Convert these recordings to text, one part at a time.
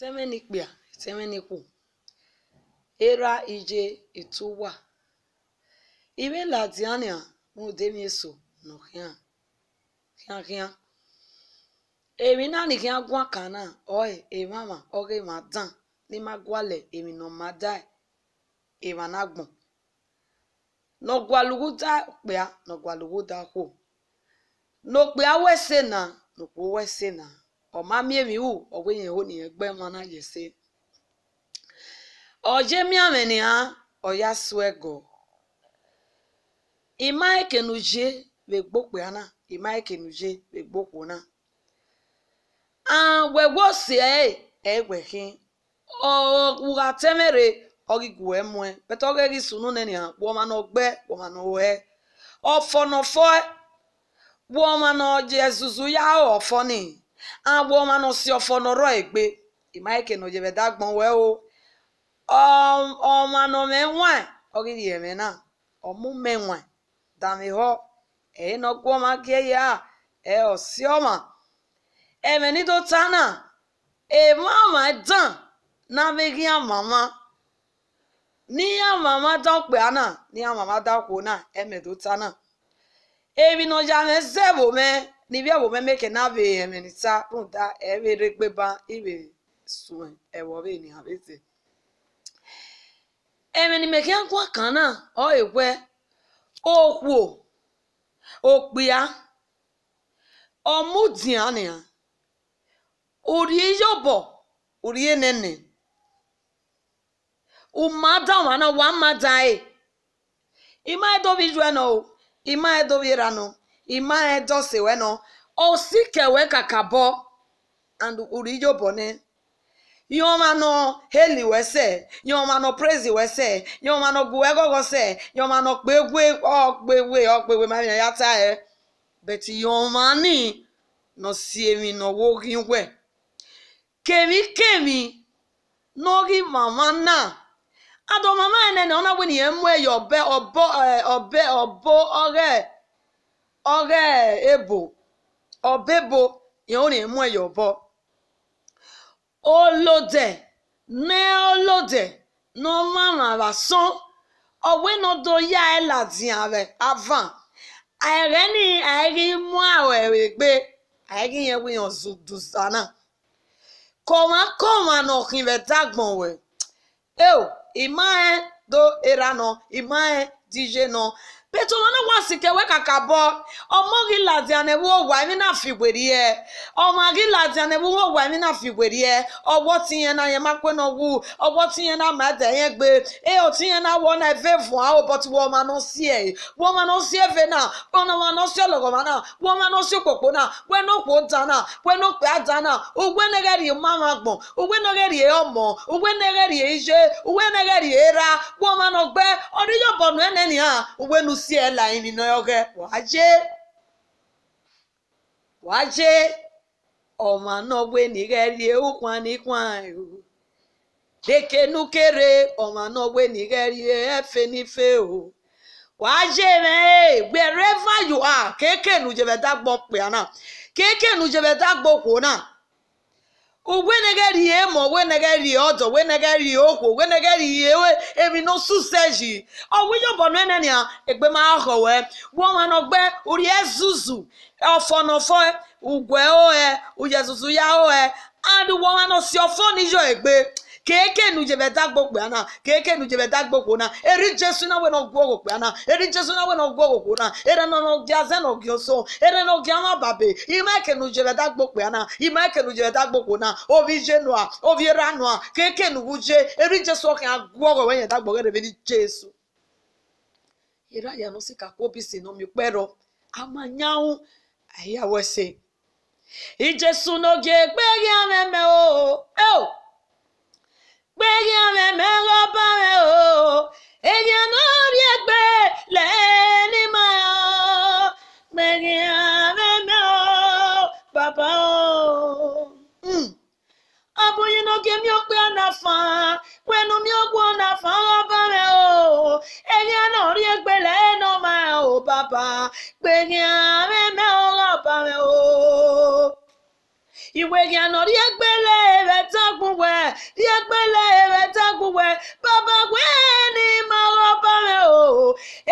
temenịkpa temenịkwu era ije etuwa ibe ladiania n'udemeso n'ọhịa hịahịa emi nani hịa gwa kana oe emama oge madan n'imagwale emi nọ madai emanagbọn nọgwalugu da kpịa nọgwalugu da kwo n'okpịa wese na n'okpo wese na ọmamie iwu ọgwenye ho ni egbe mana yese ọje miameni ha ọya suego ima ekenuje vegbokwe ana ima ekenuje vegbokwo na agwegwosie e, ọgwughatemere ọgigwe mue bete ọgegi sunu neni ha kpọmana ogbe kpọmana ohe ọfọnọfọ kpọmana ọjezuzu ya ọfọ ni. agbọ manụ si ọfọnọrọ egbe imaike na ojebeda gbọn wee o ọmanome e nwanyị ọgidi eme na ọmụme nwanyị damihọ enọgwọma gie ya e ọsiọma eme nidota na emama dan na megi ya mama ni ya mama dan pe ana ni ya mama dan kwo na emedota na ebi na ọjà mẹsẹ̀ nivhavomeme kena vehemenisa runda everegbeba ive suen ewove nihaveze emenimekengwa e e e ọ oekwe okwo okpia omudiania nwa urienene umada wana wamadae imaedovirano imaedovirano ima edose weno osike weka kabo and urijo bone ihe ọma nọ heli wee se ihe ọma nọ prezi wee se ihe ọma nọ gụwa egogo se ihe ọma nọ kpegwe ọkpegwe ọkpegwe ma ya ta ya e. bet ihe ọma ni nọ si emi nọ wogi ngwe kemi kemi n'oge mama na adọ mama ene na ọ na-agbanyeghị mmụọ ya ọbẹ ọbọ ọbẹ ọbọ ọghẹ ọrẹ èbò ọbẹ̀bọ ìhónì mú ẹ̀yọ̀ bọ olódẹ ní olódẹ ní márùnra sán ọwé náà tó yá ẹ làdìyàn rẹ avan àìrẹ́ ní àìrí mú àwẹ̀ rẹ̀ gbé àìrí yẹn wíyàn dùsà náà kọ̀wọ́n kọ̀wọ́n náà kì í rẹ̀ dàgbọ̀n wẹ̀ ẹ ò ìmọ̀ ẹ do era náà ìmọ̀ ẹ díje náà. petụlana gwasị kewe ka ka bọ ọmọ gị lazia na ebu ogwe anyị na figwere ihe ọma gị lazia na ebu ogwe anyị na figwere ihe ọgbọ e tinye na ya makwe na ọgwụ ọgbọ tinye na ama ede gbe ee otinye na wọ na eve vụ ahụ bọtụ wọma n'osi e wọma n'osi eve na wọma n'osi ọlọgọma na wọma n'osi okpokpo na kwenokwu ụda na kwenokwu ada na ugwe negeri mmanwa gbọ ugwe e negeri ọmọ ugwe negeri ije ugwe negeri era wọma n'ogbe ọdịyọbọnụ eneni ha ugwe nusi siela ininoyoke waje waje ọmanọgbenigherie ụkwanikwayo dekenukere ọmanọgbenigherie efe n'ife o waje mee wherever you are keke nujebeta gbọ pịa na keke nujebeta gbọ wenege rie mo wenege rie odo wenege rie okwo wenege rie ewe emi no suseji owiyo bonu enenia egbe ma ahowe wo ma no gbe ori ezuzu ofono fo ugwe o e uyezuzu ya o e and wo ma no si egbe ka eke na ujebe dagbo kpe ana ka eke na ujebe dagbo kwo na eri jesu na wena ogwu ogwo kpe ana eri jesu na wena ogwu ogwo kwo na ere no no gya ze no gyo so ere no gya ma babe ima eke na ujebe dagbo kpe ana ima eke na ujebe dagbo kwo na ovi je no ovi era no a ka eke na eri jesu oke agwu ogwo wenye dagbo gere bi jesu ira ya no sika ko bi si no mi pero amanyahu ayawo se ijesu no ge pe ya meme o e o péyàn rẹ̀ mẹ́rọ bá rẹ̀ o èèyàn náà rí ẹgbẹ́ lẹ́ni mọ́ ọ péyàn rẹ̀ mẹ́rọ bàbá o. abúyínàgé hmm. mi ò pé ọ̀nà fan pẹ̀lú mi ò gbọ́ ọ̀nà fan rọ̀ bá rẹ̀ o èèyàn náà rí ẹgbẹ́ lẹ́nu mọ́ ọ bàbá péyàn rẹ̀ mẹ́rọ bá rẹ̀ o ìwé ìyànà rí ẹgbẹ́lẹ̀ rẹ̀ tágùn wẹ̀ rí ẹgbẹ́lẹ̀ rẹ̀ tágùn wẹ̀ bàbá wẹ́ ni màá rọ bá rẹ̀ o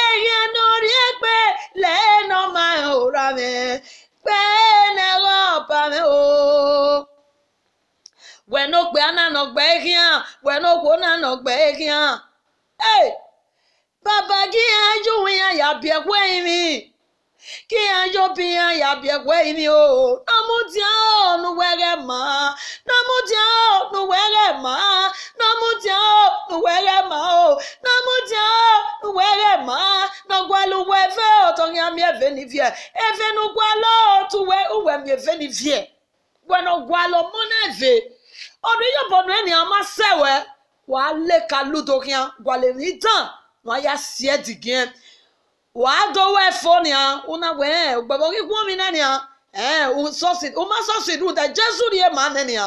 ìyànà rí ẹgbẹ́ lẹ́ẹ̀nà máa ń rà mẹ́ pẹ́ẹ́nà rọ̀ bá rẹ̀ o wẹ̀ ní ògbé ànànàgbẹ́ ìhìàn wẹ̀ ní ògbó ànànàgbẹ́ ìhìàn. Hey! Bàbá jí ẹjú wíyàn yàbí ẹ̀kú ẹ̀yìn mi kiyajobiya yabiagweimio namudia nuwerema namudia nuwerema namudia nuwerema o namudia nuwerema nagwaluweve otonyamiavenivie evenugwalo tuwe uwemiavenivie gwenogwalo moneve oduyobonu eni amasewe waaleka ludokia gwalemidan naya sie digien wàádọ́wọ́ ẹ̀fọ́ nìyà unagbe ẹ̀ gbẹ̀bọ̀ kíkún mi náà nìyà ẹ̀ sọ́ọ̀sì ọmọ sọ́ọ̀sì dùn tẹ̀ jésù ni ẹ̀ máa nẹ̀ nìyà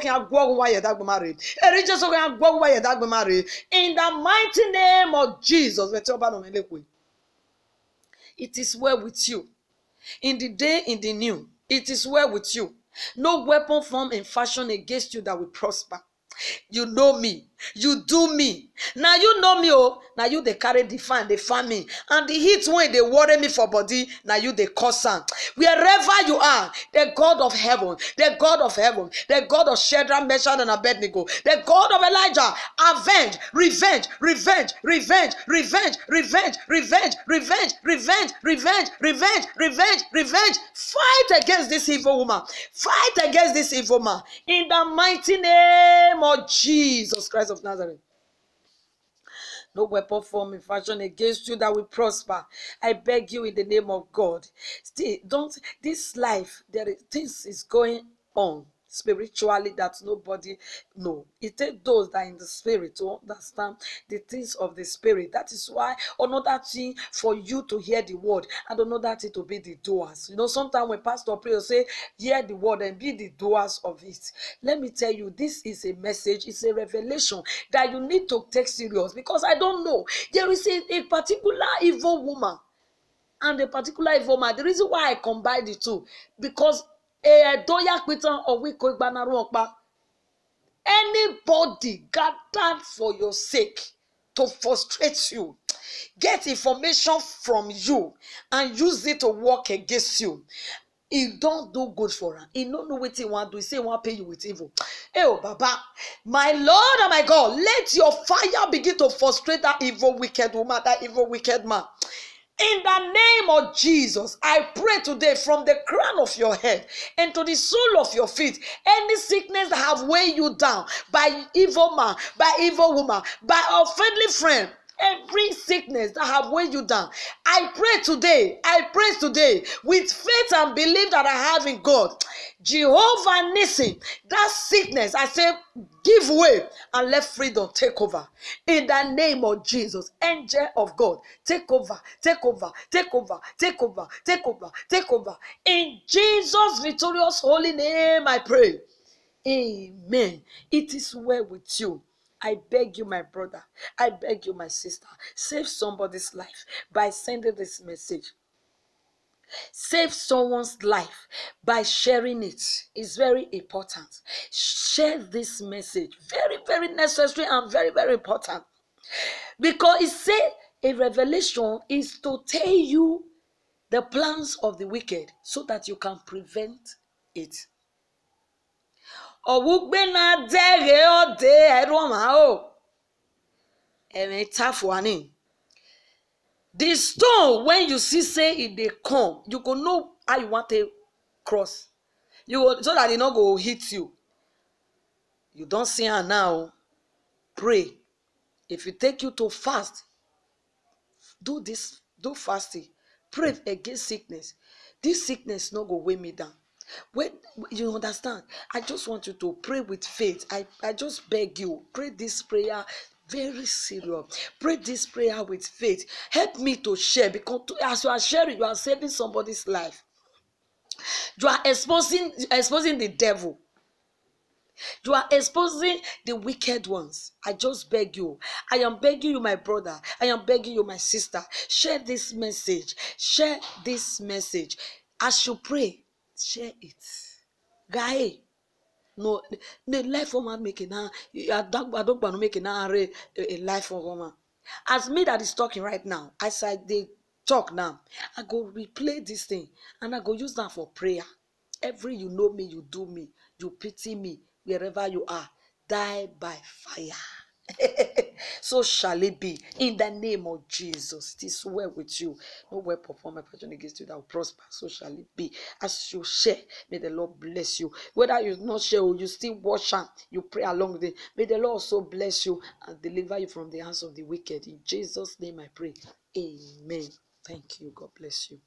soki married. wa yedagbe mare erije soki agwogu wa yedagbe married. in the mighty name of jesus bẹtẹ ọba nọ mẹlẹkwe it is well with you in the day in the new it is well with you no weapon formed in fashion against you that will prosper you know me you do me now. you know me oh. Now you they carry the fan they farm me and the heat when they worry me for body Now you dey cause am wherever you are the god of heaven the god of heaven the god of shadrach meshach and abednego the god of elijah avenge revenge revenge revenge revenge revenge revenge revenge revenge revenge revenge revenge revenge fight against this evil woman fight against this evil man in the mighty name of jesus christ. Christ of Nazareth. No weapon formed in fashion against you that will prosper. I beg you in the name of God. Still, don't this life, there is things is going on spiritually that nobody know it take those that in the spirit to understand the things of the spirit that is why another thing for you to hear the word and another thing to be the doers you know sometimes when pastor pray say hear the word and be the doers of it let me tell you this is a message it's a revelation that you need to take serious because i don't know there is a, a particular evil woman and a particular evil man the reason why i combine the two because Edoyapitan Owiko Igbanarumokpa. Anybody gathered for your sake to frustrate you, get information from you and use it to work against you. e don do good for am e no know wetin e wan do e say e wan pay you with evil eh oh, o baba my lord and my god let your fire begin to frustrate that evil wicked woman that evil wicked man In the name of Jesus, I pray today from the crown of your head and to the sole of your feet, any sickness that have weighed you down by evil man, by evil woman, by friendly friend, every sickness that have weighed you down. I pray today, I pray today with faith and belief that I have in God. Jehovah Nissi, that sickness, I say, give way and let freedom take over. In the name of Jesus, angel of God, take over, take over, take over, take over, take over, take over. In Jesus' victorious holy name, I pray. Amen. It is well with you. I beg you, my brother. I beg you, my sister. Save somebody's life by sending this message. Save someone's life by sharing it. It's very important. Share this message. Very, very necessary and very, very important. Because it says a revelation is to tell you the plans of the wicked so that you can prevent it. ọwụgbe na-adeghe ọde eromao tough one. The stone when you see say it dey come, you go know how you want to cross. You go, so that e no go hit you. You don see am now. Pray. If e take you to fast, do this, do fasting. Pray against sickness. This sickness no go weigh me down when you understand i just want you to pray with faith i i just beg you pray this prayer very serious pray this prayer with faith help me to share because to, as you are sharing you are saving somebody's life you are exposing exposing the devil You are exposing the wicked ones. I just beg you. I am begging you, my brother. I am begging you, my sister. Share this message. Share this message. As you pray, share it guy no the life of man making now make it now a, a life of woman as me that is talking right now as i dey talk now i go replay this thing and i go use am for prayer every you know me you do me you pity me wherever you are die by fire so shall it be in the name of Jesus. This well with you. No perform formed person against you that will prosper. So shall it be. As you share, may the Lord bless you. Whether you not share or you still watch and you pray along with may the Lord also bless you and deliver you from the hands of the wicked. In Jesus' name I pray. Amen. Thank you. God bless you.